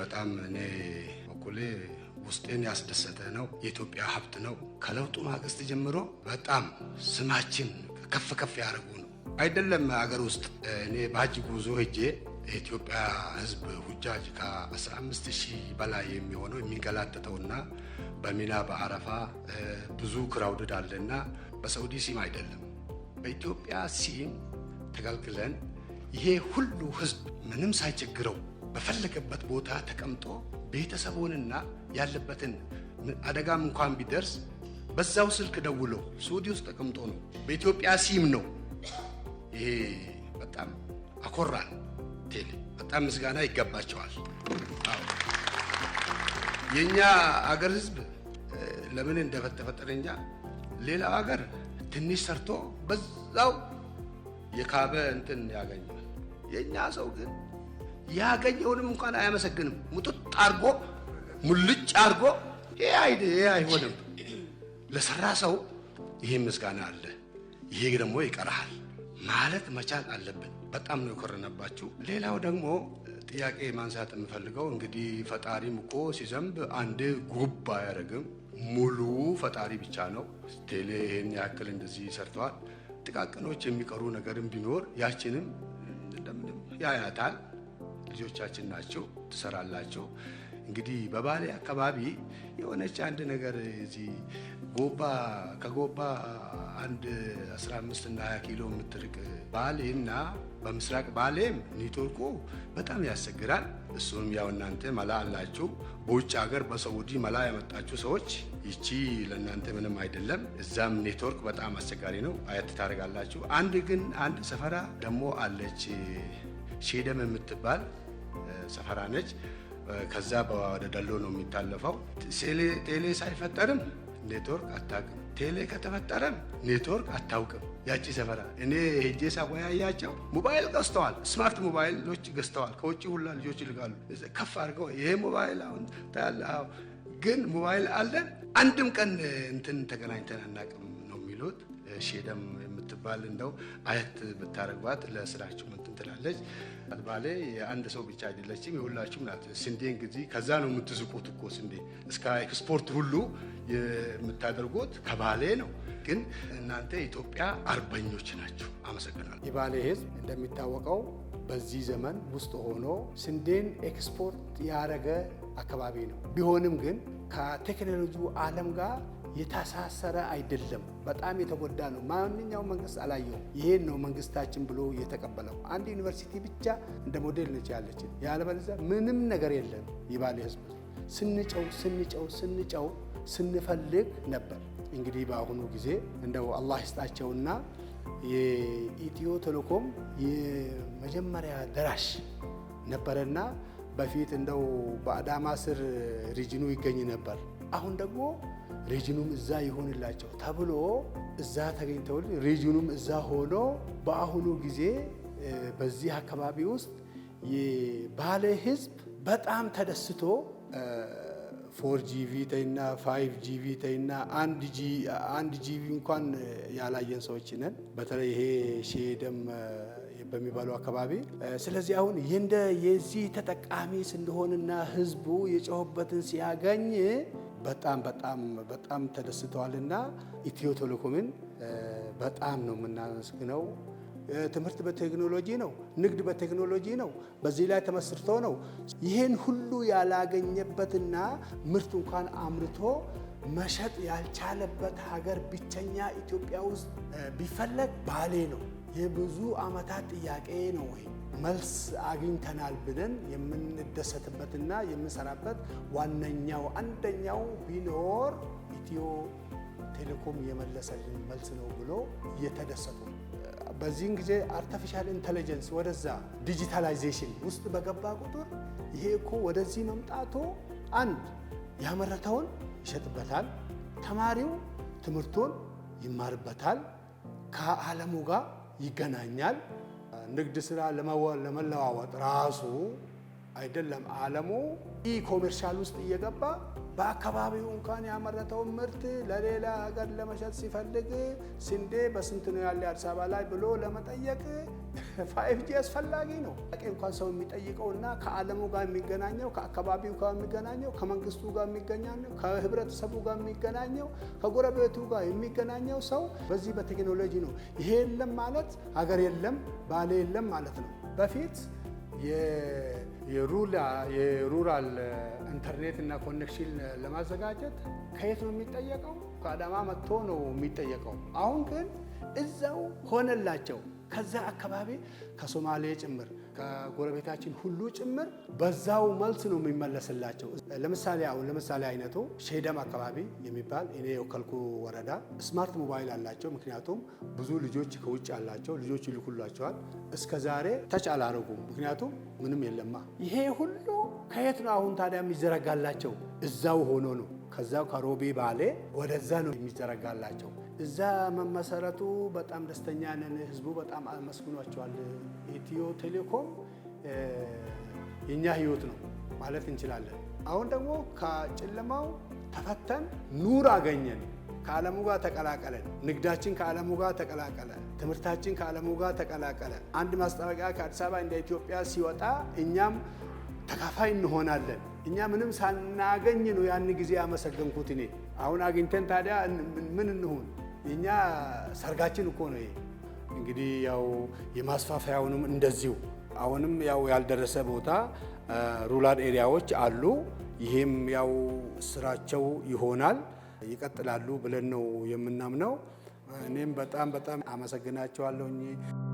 በጣም እኔ በኩሌ ውስጤን ያስደሰተ ነው። የኢትዮጵያ ሀብት ነው። ከለውጡ ማግስት ጀምሮ በጣም ስማችን ከፍ ከፍ ያደረጉ ነው። አይደለም አገር ውስጥ እኔ በሀጅ ጉዞ ሄጄ የኢትዮጵያ ሕዝብ ሁጃጅ ከ15 ሺህ በላይ የሚሆነው የሚንገላጠጠውና በሚና በአረፋ ብዙ ክራውድድ አለና በሳውዲ ሲም አይደለም በኢትዮጵያ ሲም ተገልግለን ይሄ ሁሉ ሕዝብ ምንም ሳይቸግረው በፈለገበት ቦታ ተቀምጦ ቤተሰቡንና ያለበትን አደጋም እንኳን ቢደርስ በዛው ስልክ ደውሎ ሱዲ ውስጥ ተቀምጦ ነው። በኢትዮጵያ ሲም ነው። ይሄ በጣም አኮራን። ቴሌ በጣም ምስጋና ይገባቸዋል። የእኛ አገር ህዝብ ለምን እንደተፈጠረ እኛ ሌላው አገር ትንሽ ሰርቶ በዛው የካበ እንትን ያገኛል። የእኛ ሰው ግን ያገኘውንም እንኳን አያመሰግንም። ሙጥጥ አርጎ ሙልጭ አርጎ ይሄ አይሆንም። ለሰራ ሰው ይሄ ምስጋና አለ፣ ይሄ ደግሞ ይቀርሃል ማለት መቻል አለብን። በጣም ነው የኮረነባችሁ። ሌላው ደግሞ ጥያቄ ማንሳት የምፈልገው እንግዲህ ፈጣሪም እኮ ሲዘንብ አንድ ጉብ አያደርግም። ሙሉ ፈጣሪ ብቻ ነው። ቴሌ ይህን ያክል እንደዚህ ሰርተዋል። ጥቃቅኖች የሚቀሩ ነገርም ቢኖር ያችንም ያያታል። ልጆቻችን ናቸው፣ ትሰራላቸው። እንግዲህ በባሌ አካባቢ የሆነች አንድ ነገር እዚህ ጎባ ከጎባ አንድ 15 እና 20 ኪሎ የምትርቅ ባሌ እና በምስራቅ ባሌም ኔትወርኩ በጣም ያስቸግራል። እሱም ያው እናንተ መላ አላችሁ። በውጭ ሀገር በሰዑዲ መላ ያመጣችሁ ሰዎች ይቺ ለእናንተ ምንም አይደለም። እዛም ኔትወርክ በጣም አስቸጋሪ ነው። አያት ታደርጋላችሁ። አንድ ግን አንድ ሰፈራ ደግሞ አለች ሼደም የምትባል ሰፈራ ነች። ከዛ ወደ ደሎ ነው የሚታለፈው። ቴሌ ሳይፈጠርም ኔትወርክ አታውቅም። ቴሌ ከተፈጠረም ኔትወርክ አታውቅም። ያቺ ሰፈራ እኔ ሄጄ ሳወያያቸው ሞባይል ገዝተዋል፣ ስማርት ሞባይሎች ገዝተዋል። ከውጭ ሁላ ልጆች ይልካሉ። ከፍ አድርገው ይሄ ሞባይል አሁን ታያለ። ግን ሞባይል አለን አንድም ቀን እንትን ተገናኝተን አናውቅም ነው የሚሉት። ሼደም የምትባል እንደው አየት ብታደርጓት ለስራችሁ ትላለች። ባሌ የአንድ ሰው ብቻ አይደለችም፣ የሁላችሁም ናት። ስንዴ እንግዲህ ከዛ ነው የምትስቁት እኮ ስንዴ እስከ ኤክስፖርት ሁሉ የምታደርጉት ከባሌ ነው። ግን እናንተ ኢትዮጵያ አርበኞች ናቸው። አመሰግናለሁ። የባሌ ህዝብ እንደሚታወቀው በዚህ ዘመን ውስጥ ሆኖ ስንዴን ኤክስፖርት ያደረገ አካባቢ ነው። ቢሆንም ግን ከቴክኖሎጂ ዓለም ጋር የታሳሰረ አይደለም። በጣም የተጎዳ ነው። ማንኛውም መንግስት አላየውም። ይሄን ነው መንግስታችን ብሎ የተቀበለው። አንድ ዩኒቨርሲቲ ብቻ እንደ ሞዴል ነች ያለችን። ያለበለዚያ ምንም ነገር የለም። ይባል ህዝብ ስንጨው ስንጨው ስንጨው ስንፈልግ ነበር። እንግዲህ በአሁኑ ጊዜ እንደው አላህ ይስጣቸውና የኢትዮ ቴሌኮም የመጀመሪያ ደራሽ ነበረና በፊት እንደው በአዳማ ስር ሪጅኑ ይገኝ ነበር። አሁን ደግሞ ሪጅኑም እዛ ይሆንላቸው ተብሎ እዛ ተገኝተው ሪጅኑም እዛ ሆኖ በአሁኑ ጊዜ በዚህ አካባቢ ውስጥ የባለ ህዝብ በጣም ተደስቶ ፎር ጂቪ ተይና ፋይቭ ጂቪ ተይና አንድ ጂቪ እንኳን ያላየን ሰዎች ነን። በተለይ ይሄ ሼደም በሚባለው አካባቢ። ስለዚህ አሁን እንደ የዚህ ተጠቃሚ ስንሆንና ህዝቡ የጮኸበትን ሲያገኝ በጣም በጣም በጣም ተደስተዋልና ኢትዮ ቴሌኮምን በጣም ነው የምናመስግነው። ትምህርት በቴክኖሎጂ ነው፣ ንግድ በቴክኖሎጂ ነው፣ በዚህ ላይ ተመስርቶ ነው። ይህን ሁሉ ያላገኘበትና ምርት እንኳን አምርቶ መሸጥ ያልቻለበት ሀገር ብቸኛ ኢትዮጵያ ውስጥ ቢፈለግ ባሌ ነው። የብዙ ዓመታት ጥያቄ ነው ወይ መልስ አግኝተናል ብለን የምንደሰትበትና የምንሰራበት ዋነኛው አንደኛው ቢኖር ኢትዮ ቴሌኮም የመለሰልን መልስ ነው ብሎ እየተደሰቱ በዚህን ጊዜ አርቲፊሻል ኢንቴሊጀንስ ወደዛ ዲጂታላይዜሽን ውስጥ በገባ ቁጥር ይሄ እኮ ወደዚህ መምጣቱ አንድ ያመረተውን ይሸጥበታል፣ ተማሪው ትምህርቱን ይማርበታል ከዓለሙ ጋር ይገናኛል። ንግድ ስራ ለመለዋወጥ ራሱ አይደለም ዓለሙ ኢ ኮሜርሻል ውስጥ እየገባ በአካባቢው እንኳን ያመረተውን ምርት ለሌላ ሀገር ለመሸጥ ሲፈልግ ስንዴ በስንት ነው ያለ አዲስ አበባ ላይ ብሎ ለመጠየቅ ፋይፍ ጂ አስፈላጊ ነው። ቄ እንኳን ሰው የሚጠይቀው እና ከዓለሙ ጋር የሚገናኘው ከአካባቢው ጋር የሚገናኘው ከመንግስቱ ጋር የሚገናኘው ከህብረተሰቡ ጋር የሚገናኘው ከጎረቤቱ ጋር የሚገናኘው ሰው በዚህ በቴክኖሎጂ ነው። ይሄ የለም ማለት ሀገር የለም ባለ የለም ማለት ነው። በፊት የሩራል ኢንተርኔት እና ኮኔክሽን ለማዘጋጀት ከየት ነው የሚጠየቀው? ከአዳማ መጥቶ ነው የሚጠየቀው። አሁን ግን እዛው ሆነላቸው። ከዛ አካባቢ ከሶማሌ ጭምር ከጎረቤታችን ሁሉ ጭምር በዛው መልስ ነው የሚመለስላቸው። ለምሳሌ አሁን ለምሳሌ አይነቱ ሼደም አካባቢ የሚባል እኔ የወከልኩ ወረዳ ስማርት ሞባይል አላቸው። ምክንያቱም ብዙ ልጆች ከውጭ አላቸው። ልጆች ይልኩላቸዋል። እስከ ዛሬ ተች አላረጉም። ምክንያቱም ምንም የለማ። ይሄ ሁሉ ከየት ነው አሁን ታዲያ የሚዘረጋላቸው? እዛው ሆኖ ነው። ከዛው ከሮቤ ባሌ ወደዛ ነው የሚዘረጋላቸው። እዛ መመሰረቱ በጣም ደስተኛ ነን። ህዝቡ በጣም አመስግኗቸዋል። ኢትዮ ቴሌኮም የእኛ ህይወት ነው ማለት እንችላለን። አሁን ደግሞ ከጨለማው ተፈተን ኑር አገኘን። ከዓለሙ ጋር ተቀላቀለን። ንግዳችን ከዓለሙ ጋር ተቀላቀለ። ትምህርታችን ከዓለሙ ጋር ተቀላቀለ። አንድ ማስጠበቂያ ከአዲስ አበባ እንደ ኢትዮጵያ ሲወጣ እኛም ተካፋይ እንሆናለን። እኛ ምንም ሳናገኝ ነው ያን ጊዜ ያመሰገንኩት እኔ። አሁን አግኝተን ታዲያ ምን እንሁን? እኛ ሰርጋችን እኮ ነው እንግዲህ ያው የማስፋፋያውንም እንደዚሁ አሁንም ያው ያልደረሰ ቦታ ሩራል ኤሪያዎች አሉ። ይህም ያው ስራቸው ይሆናል። ይቀጥላሉ ብለን ነው የምናምነው። እኔም በጣም በጣም አመሰግናቸዋለሁኝ።